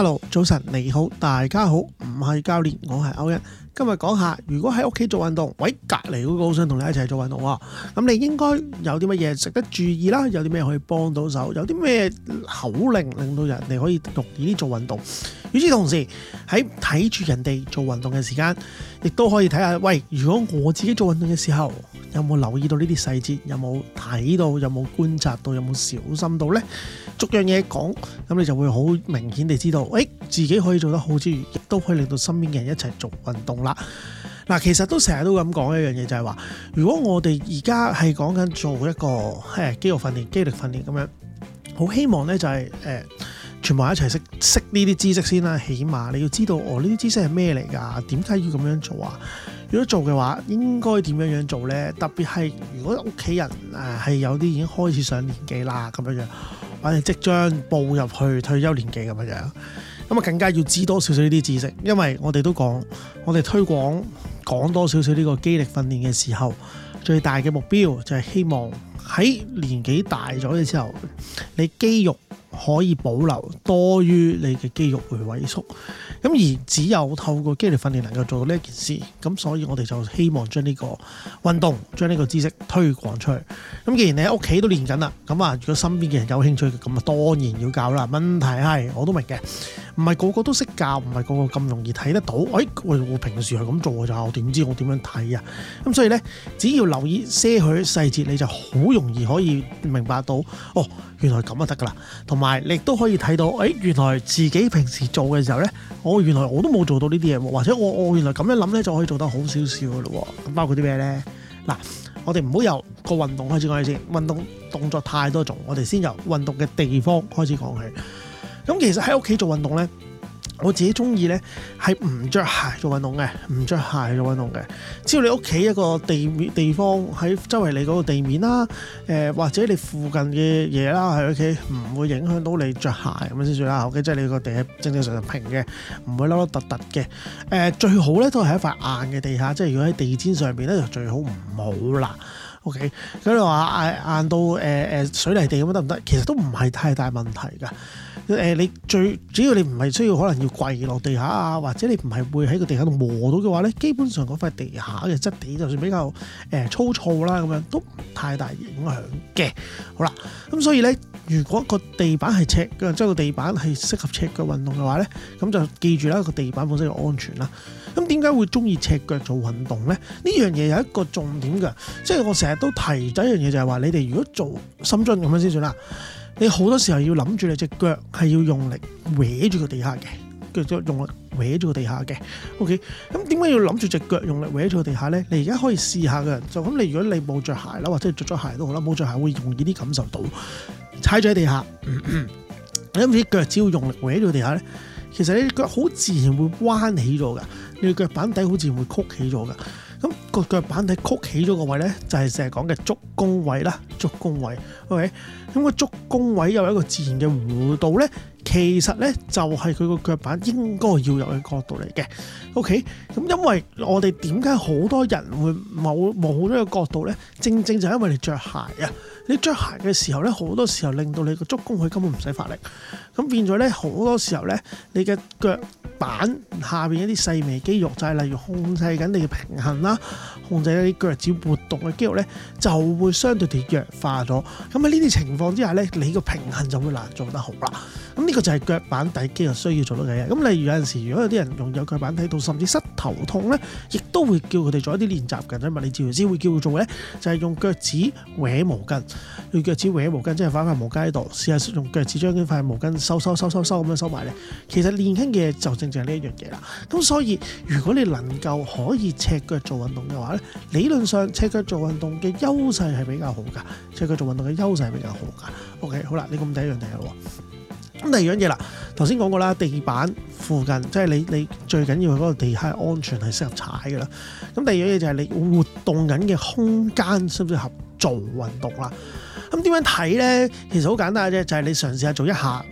hello，早晨，你好，大家好，唔係教練，我係歐欣，今日講下，如果喺屋企做運動，喂，隔籬嗰個好想同你一齊做運動，咁你應該有啲乜嘢值得注意啦，有啲咩可以幫到手，有啲咩口令令到人哋可以容易啲做運動。與此同時，喺睇住人哋做運動嘅時間，亦都可以睇下，喂，如果我自己做運動嘅時候。有冇留意到呢啲細節？有冇睇到？有冇觀察到？有冇小心到呢？逐樣嘢講，咁你就會好明顯地知道，誒、哎、自己可以做得好之餘，亦都可以令到身邊嘅人一齊做運動啦。嗱，其實都成日都咁講一樣嘢，就係、是、話，如果我哋而家係講緊做一個誒肌肉訓練、肌力訓練咁樣，好希望呢就係、是、誒、呃、全部一齊識識呢啲知識先啦。起碼你要知道，哦呢啲知識係咩嚟㗎？點解要咁樣做啊？如果做嘅話，應該點樣樣做呢？特別係如果屋企人誒係有啲已經開始上年紀啦咁樣樣，我哋即將步入去退休年紀咁樣，咁啊更加要知多少少呢啲知識，因為我哋都講，我哋推廣講多少少呢個肌力訓練嘅時候，最大嘅目標就係希望喺年紀大咗嘅時候，你肌肉，可以保留多於你嘅肌肉會萎縮，咁而只有透過肌力訓練能夠做到呢一件事，咁所以我哋就希望將呢個運動、將呢個知識推廣出去。咁既然你喺屋企都練緊啦，咁啊如果身邊嘅人有興趣，咁當然要搞啦。問題係我都明嘅。唔係個個都識教，唔係個個咁容易睇得到。誒，我平時係咁做嘅就，我點知我點樣睇啊？咁所以呢，只要留意些許細節，你就好容易可以明白到哦。原來咁就得㗎啦。同埋你亦都可以睇到，誒，原來自己平時做嘅時候呢，我原來我都冇做到呢啲嘢喎。或者我我原來咁樣諗呢就可以做得好少少㗎咯。咁包括啲咩呢？嗱，我哋唔好由個運動開始講起先。運動動作太多種，我哋先由運動嘅地方開始講起。咁其實喺屋企做運動咧，我自己中意咧係唔着鞋做運動嘅，唔着鞋做運動嘅。只要你屋企一個地面地方喺周圍你嗰個地面啦，誒、呃、或者你附近嘅嘢啦，喺屋企唔會影響到你着鞋咁先算啦。O K，即係你個地上正正常常平嘅，唔會凹凹凸凸嘅。誒、呃、最好咧都係一塊硬嘅地下，即係如果喺地氈上邊咧就最好唔好啦。O K，咁你話硬，硬到誒誒、呃、水泥地咁得唔得？其實都唔係太大問題㗎。誒、呃、你最主要你唔係需要可能要跪落地下啊，或者你唔係會喺個地下度磨到嘅話咧，基本上嗰塊地下嘅質地就算比較、呃、粗糙啦，咁樣都唔太大影響嘅。好啦，咁所以咧，如果個地板係赤腳，即係個地板係適合赤腳運動嘅話咧，咁就記住啦，個地板本身要安全啦。咁點解會中意赤腳做運動咧？呢樣嘢有一個重點㗎，即係我成日都提咗一樣嘢就係、是、話，你哋如果做深蹲咁樣先算啦。你好多時候要諗住你隻腳係要用力搲住個地下嘅，隻腳用力搲住個地下嘅。OK，咁點解要諗住隻腳用力搲住個地下咧？你而家可以試下嘅，就咁。你如果你冇着鞋啦，或者着咗鞋都好啦，冇着鞋會容易啲感受到踩咗喺地下。你諗住腳只要用力搲住個地下咧，其實你腳好自然會彎起咗嘅，你腳板底好自然會曲起咗嘅。咁個腳板底曲起咗個位咧，就係成日講嘅足弓位啦，足弓位，OK？咁個足弓位又有一個自然嘅弧度咧。其實咧，就係佢個腳板應該要有嘅角度嚟嘅。O K，咁因為我哋點解好多人會冇冇咗個角度咧？正正就係因為你着鞋啊！你着鞋嘅時候咧，好多時候令到你個足弓佢根本唔使發力，咁變咗咧好多時候咧，你嘅腳板下面一啲細微肌肉，就係例如控制緊你嘅平衡啦，控制你腳趾活動嘅肌肉咧，就會相對地弱化咗。咁喺呢啲情況之下咧，你個平衡就會難做得好啦。咁呢？這個呢個、就係腳板底肌肉需要做到嘅嘢。咁例如有陣時，如果有啲人用有腳板底痛，甚至膝頭痛咧，亦都會叫佢哋做一啲練習嘅。咁物理治療師會叫佢做咧，就係、是、用腳趾搲毛巾，用腳趾搲毛巾，即係放塊毛巾喺度，試下用腳趾將嗰塊毛巾收收收收收咁樣收埋咧。其實練緊嘅就正正係呢一樣嘢啦。咁所以如果你能夠可以赤腳做運動嘅話咧，理論上赤腳做運動嘅優勢係比較好㗎，赤腳做運動嘅優勢係比較好㗎。OK，好啦，呢咁第一樣嘢咯。第一樣咁第二樣嘢啦，頭先講過啦，地板附近即係、就是、你你最緊要嗰個地下安全係適合踩㗎啦。咁第二樣嘢就係你活動緊嘅空間適唔適合做運動啦。咁點樣睇咧？其實好簡單嘅啫，就係、是、你嘗試下做一下。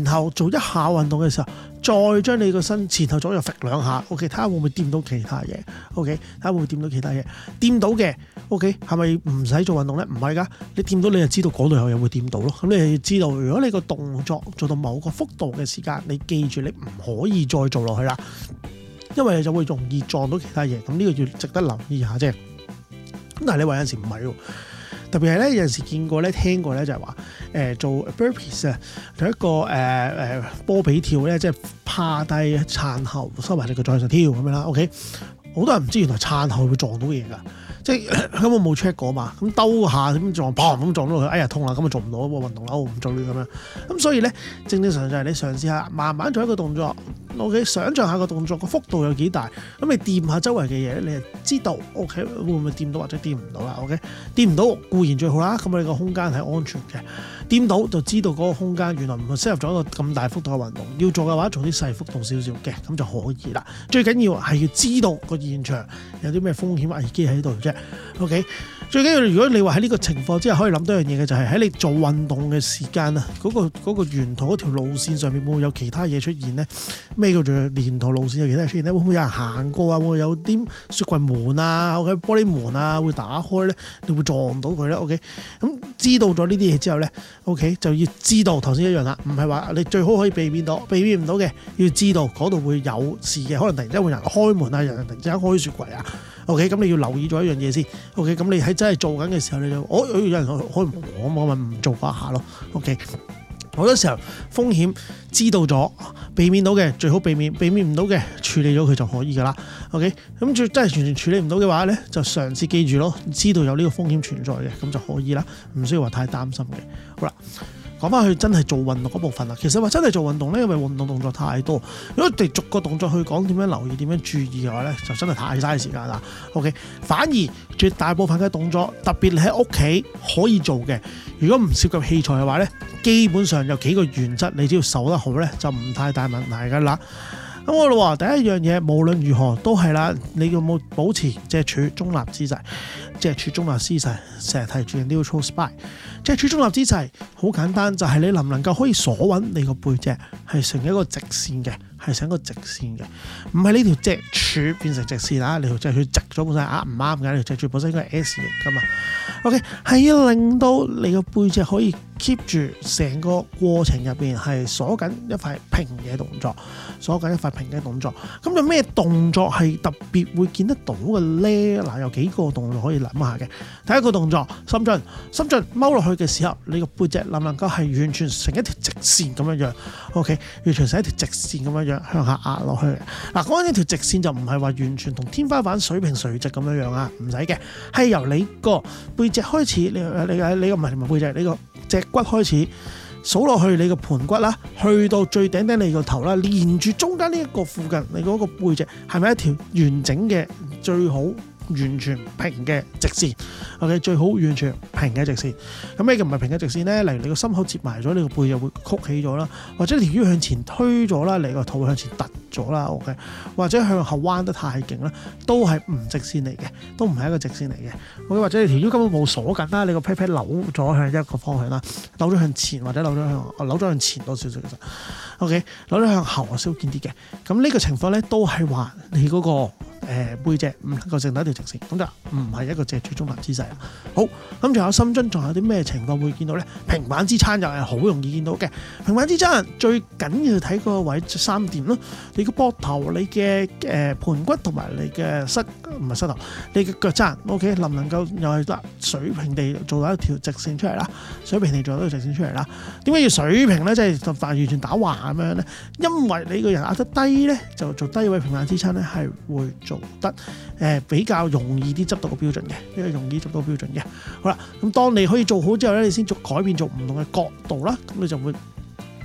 然後做一下運動嘅時候，再將你個身前後左右揈兩下，OK，睇下會唔會掂到其他嘢？OK，睇下會唔會掂到其他嘢？掂到嘅，OK，係咪唔使做運動咧？唔係㗎，你掂到你就知道嗰度又又會掂到咯。咁你就知道，如果你個動作做到某個幅度嘅時間，你記住你唔可以再做落去啦，因為就會容易撞到其他嘢。咁呢個要值得留意下啫。咁但係你話有時唔係喎。特別係咧，有陣時見過咧，聽過咧，就係話誒做 Burpees 啊，有一個、呃呃、波比跳咧，即係趴低撐後收埋隻腳再上跳咁樣啦。OK。好多人唔知原來撐後會，會撞到嘢㗎，即係根本冇 check 過嘛。咁兜下咁撞，砰咁撞到佢，哎呀痛啦，咁咪做唔到運動啦，我唔做呢咁樣。咁所以咧，正正常常你嘗試下，慢慢做一個動作。OK，想像下個動作個幅度有幾大，咁你掂下周圍嘅嘢，你就知道。OK，會唔會掂到或者掂唔到啦？OK，掂唔到固然最好啦。咁你個空間係安全嘅。掂到就知道嗰個空間原來唔係適合做一個咁大幅度嘅運動，要做嘅話做啲細幅度少少嘅，咁就可以啦。最緊要係要知道個現場有啲咩風險危機喺度啫。OK。最緊要，如果你話喺呢個情況之下，可以諗到一樣嘢嘅，就係喺你做運動嘅時間啊，嗰個嗰個沿途嗰條路線上面會唔會有其他嘢出現咧？咩叫做沿途路線有其他出現咧？會唔會有人行過啊？會有啲雪櫃門啊，OK，玻璃門啊，會打開咧，你會撞到佢咧？O K，咁知道咗呢啲嘢之後咧，O K，就要知道頭先一樣啦，唔係話你最好可以避免到，避免唔到嘅，要知道嗰度會有事嘅，可能突然之間會人開門啊，有人突然之間開雪櫃啊。OK，咁你要留意咗一樣嘢先。OK，咁你喺真係做緊嘅時候，你就我有、哦、有人可以磨咁，我咪唔做嗰一下咯。OK，好多時候風險知道咗，避免到嘅最好避免，避免唔到嘅處理咗佢就可以噶啦。OK，咁最真係完全處理唔到嘅話咧，就嘗試記住咯，知道有呢個風險存在嘅咁就可以啦，唔需要話太擔心嘅。好啦。講翻去真係做運動嗰部分啦，其實話真係做運動呢，因為運動動作太多，如果哋逐個動作去講點樣留意、點樣注意嘅話呢，就真係太嘥時間啦。OK，反而絕大部分嘅動作，特別喺屋企可以做嘅，如果唔涉及器材嘅話呢，基本上有幾個原則，你只要守得好呢，就唔太大問題㗎啦。咁我哋話第一樣嘢，無論如何都係啦。你有冇保持脊柱中立姿勢？脊柱中立姿勢成日提住，neutral spine。脊柱中立姿勢好簡單，就係、是、你能唔能夠可以鎖穩你個背脊，係成一個直線嘅，係成一個直線嘅，唔係呢條脊柱變成直線，你條脊柱直咗本身，啊唔啱嘅，條脊柱本身應該係 S 型噶嘛。OK，係要令到你個背脊可以 keep 住成個過程入面係鎖緊一塊平嘅動作。所講一發平嘅動作，咁有咩動作係特別會見得到嘅咧？嗱、嗯，有幾個動作可以諗下嘅。第一個動作，深蹲，深蹲踎落去嘅時候，你個背脊能唔能夠係完全成一條直線咁樣樣？OK，完全成一條直線咁樣樣向下壓落去。嗱、嗯，講緊呢條直線就唔係話完全同天花板水平垂直咁樣樣啊，唔使嘅，係由你個背脊開始，你你你唔係唔係背脊，你個脊骨開始。數落去你個盆骨啦，去到最頂頂你個頭啦，連住中間呢一個附近你嗰個背脊，係咪一條完整嘅最好完全平嘅直線？O.K. 最好完全平嘅直線。咁咩叫唔係平嘅直線呢？例如你個心口接埋咗，你個背就會曲起咗啦，或者條腰向前推咗啦，你個肚向前凸。咗啦，OK，或者向後彎得太勁咧，都係唔直線嚟嘅，都唔係一個直線嚟嘅。OK，或者你條腰根本冇鎖緊啦，你個 pair pair 扭咗向一個方向啦，扭咗向前或者扭咗向扭咗向前多少少其實，OK，扭咗向後少見啲嘅，咁呢個情況咧，都係話你嗰、嗰個。誒、呃、背脊唔能夠成到一條直線，咁就唔係一個脊柱中立姿勢啦。好，咁仲有深蹲，仲有啲咩情況會見到咧？平板支撐又係好容易見到嘅。平板支撐最緊要睇個位置三點咯，你個膊頭、你嘅誒、呃、盤骨同埋你嘅膝唔係膝頭，你嘅腳踭。O、OK, K. 能唔能夠又係嗱水平地做到一條直線出嚟啦？水平地做到一條直線出嚟啦。點解要水平咧？即係就完全打橫咁樣咧？因為你個人壓得低咧，就做低位平板支撐咧，係會。得誒，比較容易啲執到個標準嘅，比較容易執到標準嘅。好啦，咁當你可以做好之後咧，你先逐改變做唔同嘅角度啦，咁你就會。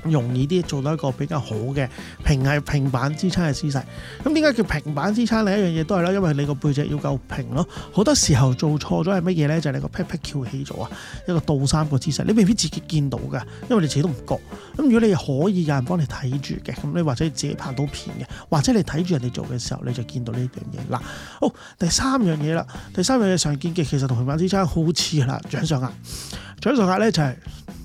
容易啲做到一個比較好嘅平係平板支撐嘅姿勢。咁點解叫平板支撐？另一樣嘢都係啦，因為你個背脊要夠平咯。好多時候做錯咗係乜嘢咧？就係你個屁屁翹起咗啊！一個倒三角姿勢，你未必自己見到㗎，因為你自己都唔覺。咁如果你可以有人幫你睇住嘅，咁你或者自己拍到片嘅，或者你睇住人哋做嘅時候，你就見到呢樣嘢啦。好，第三樣嘢啦，第三樣嘢常見嘅其實同平板支撐好似啦，掌上壓。掌上壓咧就係。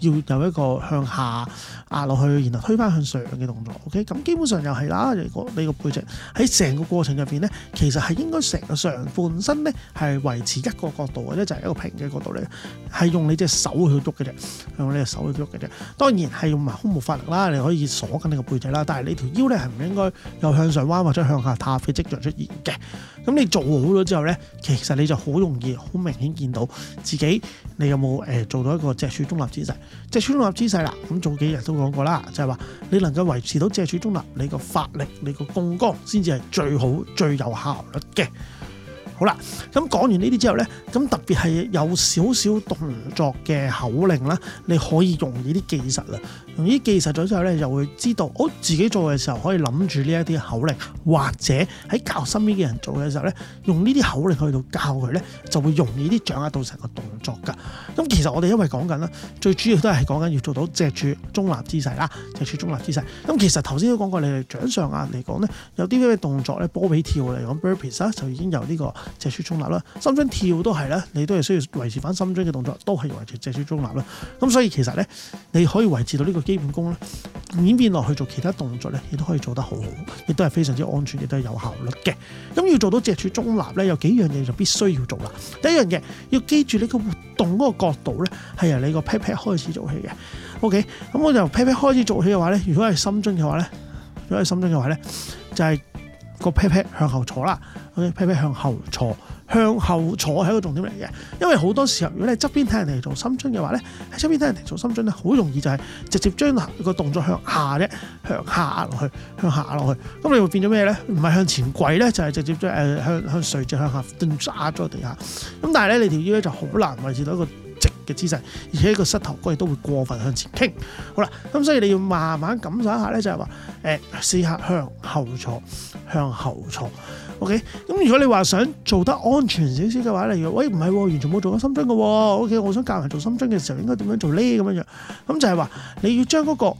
要有一個向下壓落去，然後推返向上嘅動作，OK？咁基本上又係啦，你個背脊喺成個過程入邊咧，其實係應該成個上半身咧係維持一個角度嘅，咧就係、是、一個平嘅角度咧，係用你隻手去喐嘅啫，用你隻手去喐嘅啫。當然係用埋胸腹發力啦，你可以鎖緊你個背脊啦，但係你條腰咧係唔應該有向上彎或者向下塌嘅跡象出現嘅。咁你做好咗之後咧，其實你就好容易、好明顯見到自己你有冇誒、呃、做到一個脊柱中立姿勢。脊柱中立姿勢啦，咁早幾日都講過啦，就係話你能夠維持到脊柱中立，你個發力、你個槓桿，先至係最好、最有效率嘅。好啦，咁講完呢啲之後咧，咁特別係有少少動作嘅口令啦，你可以用呢啲技術啦，用呢啲技術咗之後咧，就會知道哦自己做嘅時候可以諗住呢一啲口令，或者喺教身邊嘅人做嘅時候咧，用呢啲口令去到教佢咧，就會容易啲掌握到成個動作噶。咁其實我哋因為講緊啦，最主要都係講緊要做到脊柱中立姿勢啦，脊柱中立姿勢。咁其實頭先都講過，你哋掌上壓嚟講咧，有啲咩動作咧，波比跳嚟講，burpees 啦，就已經有呢個。脊柱中立啦，深蹲跳都係啦，你都係需要維持翻深蹲嘅動作，都係維持脊柱中立啦。咁所以其實咧，你可以維持到呢個基本功咧，演變落去做其他動作咧，亦都可以做得好好，亦都係非常之安全，亦都係有效率嘅。咁要做到脊柱中立咧，有幾樣嘢就必須要做啦。第一樣嘢，要記住你個活動嗰個角度咧，係由你個 pat pat 開始做起嘅。OK，咁我就 pat pat 開始做起嘅話咧，如果係深蹲嘅話咧，如果係深蹲嘅話咧，就係、是。個劈劈向後坐啦，OK，劈劈向後坐，向後坐係一個重點嚟嘅，因為好多時候如果你側邊睇人哋做深蹲嘅話咧，喺側邊睇人哋做深蹲咧，好容易就係直接將個動作向下啫，向下壓落去，向下壓落去，咁你會變咗咩咧？唔係向前跪咧，就係、是、直接將誒向向垂直向下壓咗地下，咁但係咧你條腰咧就好難維持到一個嘅姿勢，而且個膝頭哥亦都會過分向前傾。好啦，咁所以你要慢慢感受一下咧，就係話誒，試下向後坐，向後坐。OK，咁如果你話想做得安全少少嘅話，例如喂，唔係喎，完全冇做過深蹲嘅。OK，我想教人做深蹲嘅時候應該點樣做呢、這個？咁樣樣，咁就係話你要將嗰個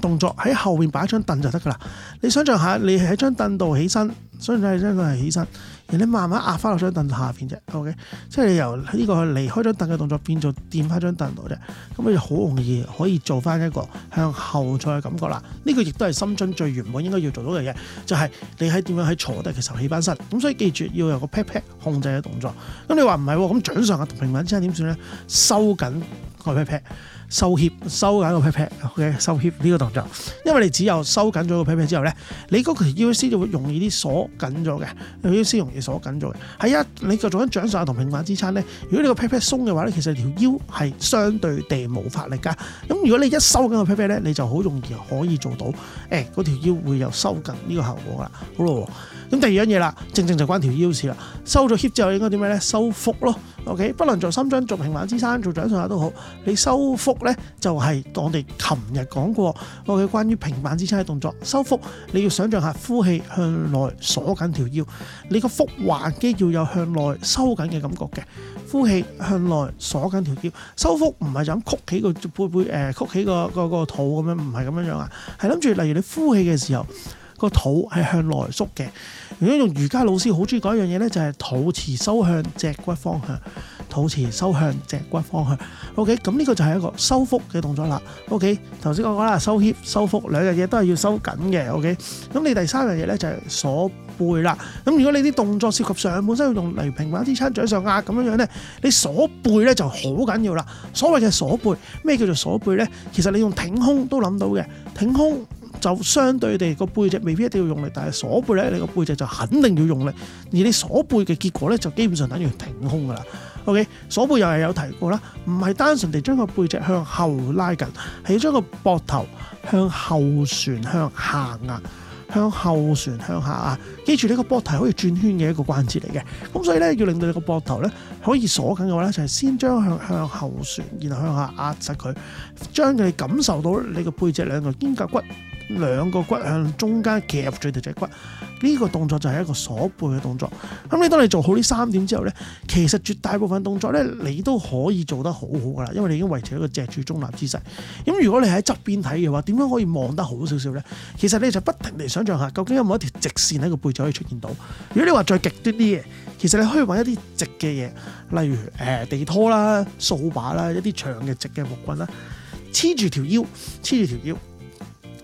動作喺後面擺張凳就得噶啦。你想像下，你係喺張凳度起身。所以是你將佢係起身，然後慢慢壓翻落張凳下邊啫。OK，即係由呢個離開張凳嘅動作變做墊翻張凳度啫。咁你就好容易可以做翻一個向後坐嘅感覺啦。呢、這個亦都係深蹲最原本應該要做到嘅嘢，就係、是、你喺點樣喺坐低嘅時候起翻身。咁所以記住要有個 pat p 控制嘅動作。咁你話唔係喎，咁掌上嘅平板支撐點算咧？收緊個 pat p 收協收緊個 pat p o k 收協呢個動作。因為你只有收緊咗個 pat p 之後咧，你嗰條 US 就會容易啲鎖。緊咗嘅，有啲先容易鎖緊咗嘅。係啊，你就做緊掌上同平板支撐咧，如果你個 pat pat 鬆嘅話咧，其實條腰係相對地冇發力噶。咁如果你一收緊個 pat pat 咧，你就好容易可以做到誒嗰、哎、條腰會有收緊呢個效果啦。好啦。咁第二樣嘢啦，正正就關條腰事啦。收咗 hip 之後應該點咩呢？收腹咯。OK，不論做三張做平板支撐做掌上壓都好，你收腹呢就係我哋琴日講過我嘅關於平板支撐嘅動作。收腹你要想像下呼氣向內鎖緊條腰，你個腹橫肌要有向內收緊嘅感覺嘅。呼氣向內鎖緊條腰，收腹唔係想曲起個背背誒曲起個個個肚咁樣，唔係咁樣樣啊，係諗住例如你呼氣嘅時候。個肚係向內縮嘅。如果用瑜伽老師好中意講一樣嘢咧，就係肚臍收向脊骨方向，肚臍收向脊骨方向。O K，咁呢個就係一個收腹嘅動作啦。O K，頭先講啦，收 hip、收腹兩樣嘢都係要收緊嘅。O K，咁你第三樣嘢咧就係鎖背啦。咁如果你啲動作涉及上本身要用，例如平板支撐、掌上壓咁樣樣咧，你鎖背咧就好緊要啦。所謂嘅鎖背，咩叫做鎖背咧？其實你用挺胸都諗到嘅，挺胸。就相對地個背脊未必一定要用力，但係鎖背咧，你個背脊就肯定要用力。而你鎖背嘅結果咧，就基本上等於挺胸㗎啦。O.K. 鎖背又係有提過啦，唔係單純地將個背脊向後拉緊，係要將個膊頭向後旋向下壓，向後旋向下壓。記住呢個膊頭可以轉圈嘅一個關節嚟嘅，咁所以咧要令到你個膊頭咧可以鎖緊嘅話咧，就係先將向向後旋，然後向下壓實佢，將佢哋感受到你個背脊兩個肩胛骨。兩個骨向中間夾住條脊骨，呢個動作就係一個鎖背嘅動作。咁你當你做好呢三點之後呢，其實絕大部分動作呢，你都可以做得好好噶啦，因為你已經維持一個脊柱中立姿勢。咁如果你喺側邊睇嘅話，點樣可以望得好少少呢？其實你就不停嚟想像下，究竟有冇一條直線喺個背脊可以出現到？如果你話再極端啲嘅，其實你可以揾一啲直嘅嘢，例如誒地拖啦、掃把啦、一啲長嘅直嘅木棍啦，黐住條腰，黐住條腰。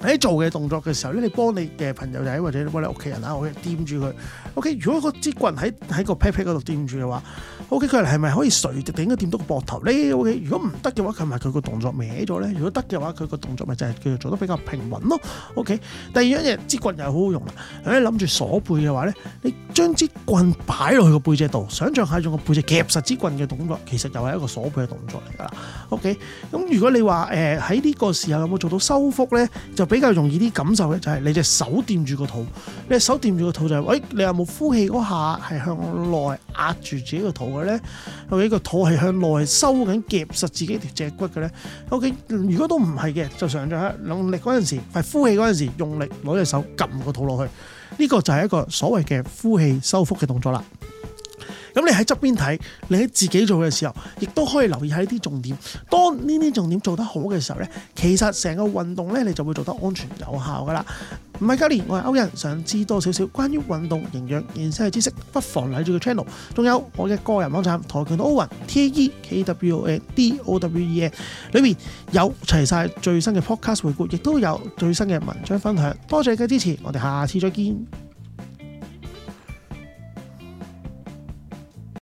喺做嘅動作嘅時候咧，你幫你嘅朋友仔或者幫你屋企人啊，我係掂住佢。O.K. 如果個支棍喺喺個 pat pat 嗰度掂住嘅話，O.K. 佢係咪可以垂直地掂到個膊頭咧？O.K. 如果唔得嘅話，係咪佢個動作歪咗咧？如果得嘅話，佢個動作咪就係叫做得比較平穩咯。O.K. 第二樣嘢支棍又好好用啦。誒諗住鎖背嘅話咧，你將支棍擺落去個背脊度，想象下用個背脊夾實支棍嘅動作，其實又係一個鎖背嘅動作嚟噶啦。O.K. 咁如果你話誒喺呢個時候有冇做到收腹咧，就？比較容易啲感受嘅就係你隻手掂住個肚，你隻手掂住個肚就係，誒，你有冇呼氣嗰下係向內壓住自己個肚嘅咧？或者個肚係向內收緊夾實自己條脊骨嘅咧？OK，如果都唔係嘅，就上咗力嗰陣時，係呼氣嗰陣時用力攞隻手撳個肚落去，呢個就係一個所謂嘅呼氣收腹嘅動作啦。咁你喺側邊睇，你喺自己做嘅時候，亦都可以留意下呢啲重點。當呢啲重點做得好嘅時候呢，其實成個運動呢，你就會做得安全有效噶啦。唔係，今年我係歐人，想知多少少關於運動營養、健身嘅知識，不妨嚟住個 channel。仲有我嘅個人網站跆拳道 Owen T A E K W O N D O W E N，裏面有齊晒最新嘅 podcast 回顧，亦都有最新嘅文章分享。多謝你嘅支持，我哋下次再見。